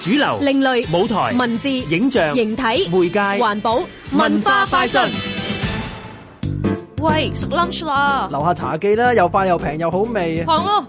主流、另類舞台、文字、影像、形體、媒介、環保、文化、快訊。喂，食 lunch 啦，樓下茶記啦，又快又平又好味啊！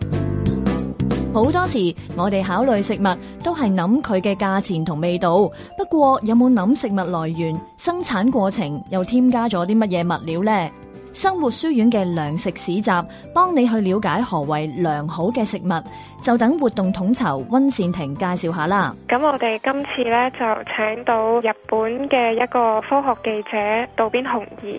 好多時我哋考慮食物都係諗佢嘅價錢同味道，不過有冇諗食物來源、生產過程又添加咗啲乜嘢物料呢？生活書院嘅糧食市集，幫你去了解何為良好嘅食物，就等活動統籌溫善婷介紹下啦。咁我哋今次呢，就請到日本嘅一個科學記者渡邊雄二，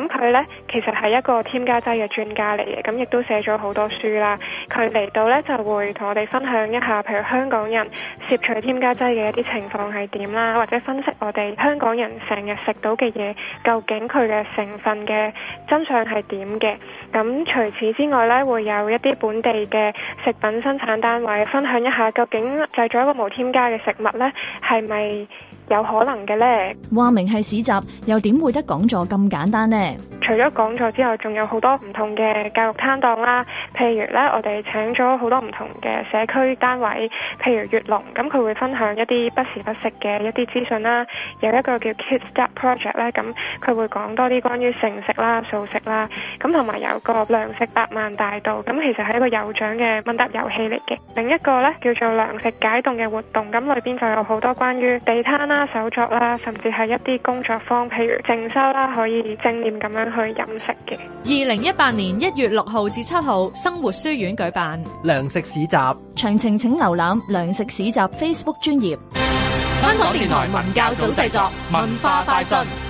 咁佢呢，其實係一個添加劑嘅專家嚟嘅，咁亦都寫咗好多書啦。佢嚟到呢，就會同我哋分享一下，譬如香港人，攝取添加劑嘅一啲情況係點啦，或者分析我哋香港人成日食到嘅嘢，究竟佢嘅成分嘅真相係點嘅？咁除此之外咧，會有一啲本地嘅食品生產單位分享一下，究竟製造一個無添加嘅食物咧，係咪有可能嘅呢？話明係市集，又點會得講座咁簡單呢？除咗講座之外，仲有好多唔同嘅教育攤檔啦。譬如咧，我哋請咗好多唔同嘅社區單位，譬如月龍，咁佢會分享一啲不時不食嘅一啲資訊啦。有一個叫 Kids Drop Project 咧，咁佢會講多啲關於剩食啦、素食啦，咁同埋有個糧食百萬大道，咁其實係一個有獎嘅問答遊戲嚟嘅。另一個咧叫做糧食解凍嘅活動，咁裏邊就有好多關於地攤啦、手作啦，甚至係一啲工作坊，譬如正修啦，可以正念咁樣。去飲食嘅。二零一八年一月六號至七號，生活書院舉辦糧食市集。詳情請瀏覽糧食市集 Facebook 專頁。香港電台文教組製作文化快訊。